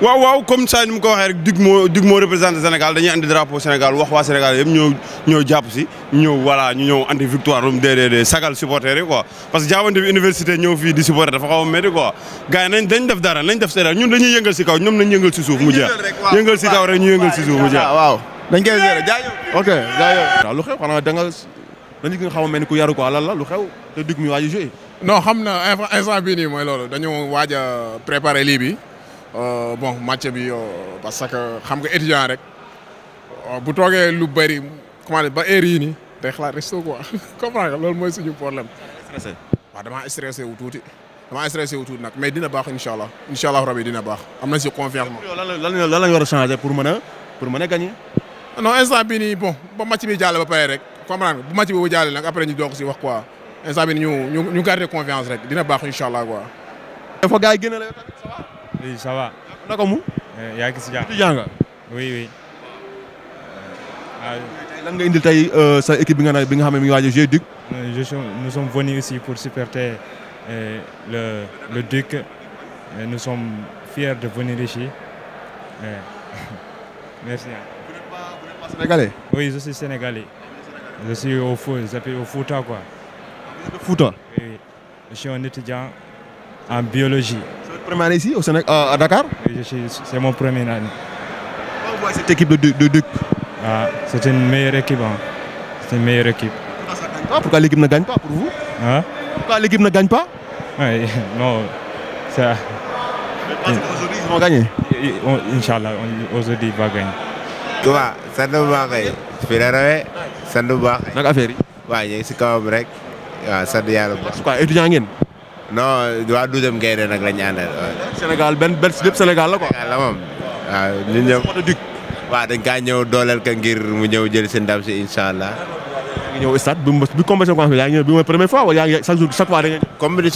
waaw waaw comme ça ni ko waxee rek dig moo dig moo représenté Sénégal dañuy andi drapeau Sénégal wax waa Sénégal yëpp ñëw ñëw jàpp si ñëw voilà ñu ñëw andi victoire um déedéedee sagal supporter yi quoi parce que jaabante bi université ñëw fii di supporter dafa xaw a métti quoi dañ def dara nañ def sénégal ñun dañuy yëngal si kaw ñoom nañ yëngal si suuf mu jeex yëngal si kaw rek ñu yëngal si suuf mu jeex ah, waaw dañ koy yëre jaajëf ok jaajëf waaw lu xaw a ni ku yaru lan la lu xew te dig xam na instant bii mooy loolu dañu waaj a préparé lii bi Euh, bon match bi euh, parce que xam nga étudiant rek euh, bu toogee lu bari comment dire ba heure yii nii day xalaat resto quoi comprendre lool moy suñu problème. stressé wa dama stressé wu touti dama stressé wu tout nak mais dina bax incha allah rabbi dina bax amna ci si confiance. lan lan lan lañ wara changer pour meuna pour mën a gagner. non instant bi ni bon ba match bi jall ba pare rek comprendre bu match bi bu jall nak après ñu doog ci wax quoi instant bi ñu ñu garder confiance rek dina bax incha quoi. il faut gars yi tamit la yow oui, ça va. naka mu. yaa ngi oui oui. Euh, ah. lan nga tay euh, sa équipe bi nga bi nga xamé mi Duc. Euh, je suis nous sommes venus ici pour supporter le le Duc nous sommes fiers de venir ici merci. Hein. vous n'êtes pas vous sénégalais. oui je suis sénégalais. je suis au foot j'appelle au Fouta quoi. Ah, oui je suis un étudiant en biologie première année ici au Sénégal, euh, à Dakar Oui, c'est mon premier année. Comment vous voyez cette équipe de, de Duc ah, C'est une meilleure équipe. Hein. C'est une meilleure équipe. Pourquoi l'équipe ne gagne pas pour vous hein? Pourquoi l'équipe ne gagne pas ouais, Non, ça. Parce qu'aujourd'hui, ils vont gagner Inch'Allah, aujourd'hui, ils vont gagner. Tu vois, ça baax va. fii la rawee sant bu baax. naka affaire yi. waaw ñu ngi si kawam rek waaw quoi étudiant non waa douzième gaynde nag la ñu àndal Sénégal benn benn lépp Sénégal la quoi. Sénégal la moom waaw ñu ñëw. waaw dañ ka ngir mu ñëw jël si ndam si incha allah. yaa bi mu bi compétition commencé yaa ngi ñëw bi ma première fois wala yaa ngi chaque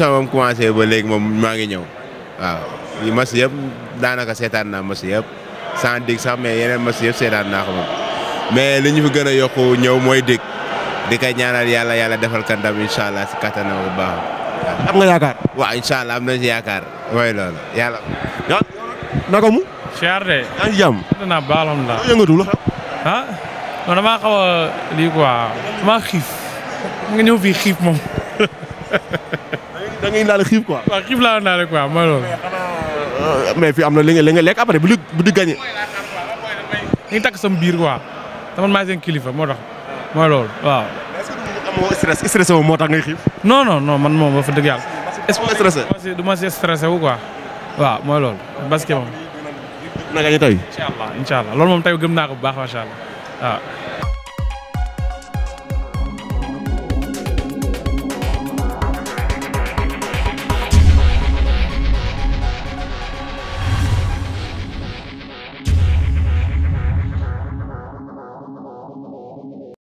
jour moom maa ngi ñëw waaw yi mas daanaka seetaan naa mas yëpp sans dig sax mais yeneen mas yëpp seetaan naa ko moom. mais li ñu fi gën a yokku ñëw mooy dig di koy ñaanal yàlla yàlla defal ka ndam incha allah si kattanam bu baax am nga yaakaar. waaw incha am na ci yaakaar. mooy loolu yàlla. yow naka mu. siyaar de. yaa ngi jàmm. naa baal alhamdulilah. yow yëngatu lu xew. ah man damaa xaw a lii quoi nga ñëw fii moom. da ngay indaale xiif quoi. waaw xiif laa euh, ngi takk sam biir quoi. dama maa seen kilifa moo tax amoo stress stressé wu moo tax ngay xiif. non non non man moom wax dëgg yàlla. stressé du ma si stressé wu quoi. waaw mooy loolu basket moom. naka ñu tey. incha allah incha allah loolu moom tey gëm naa ko bu baax macha allah waaw.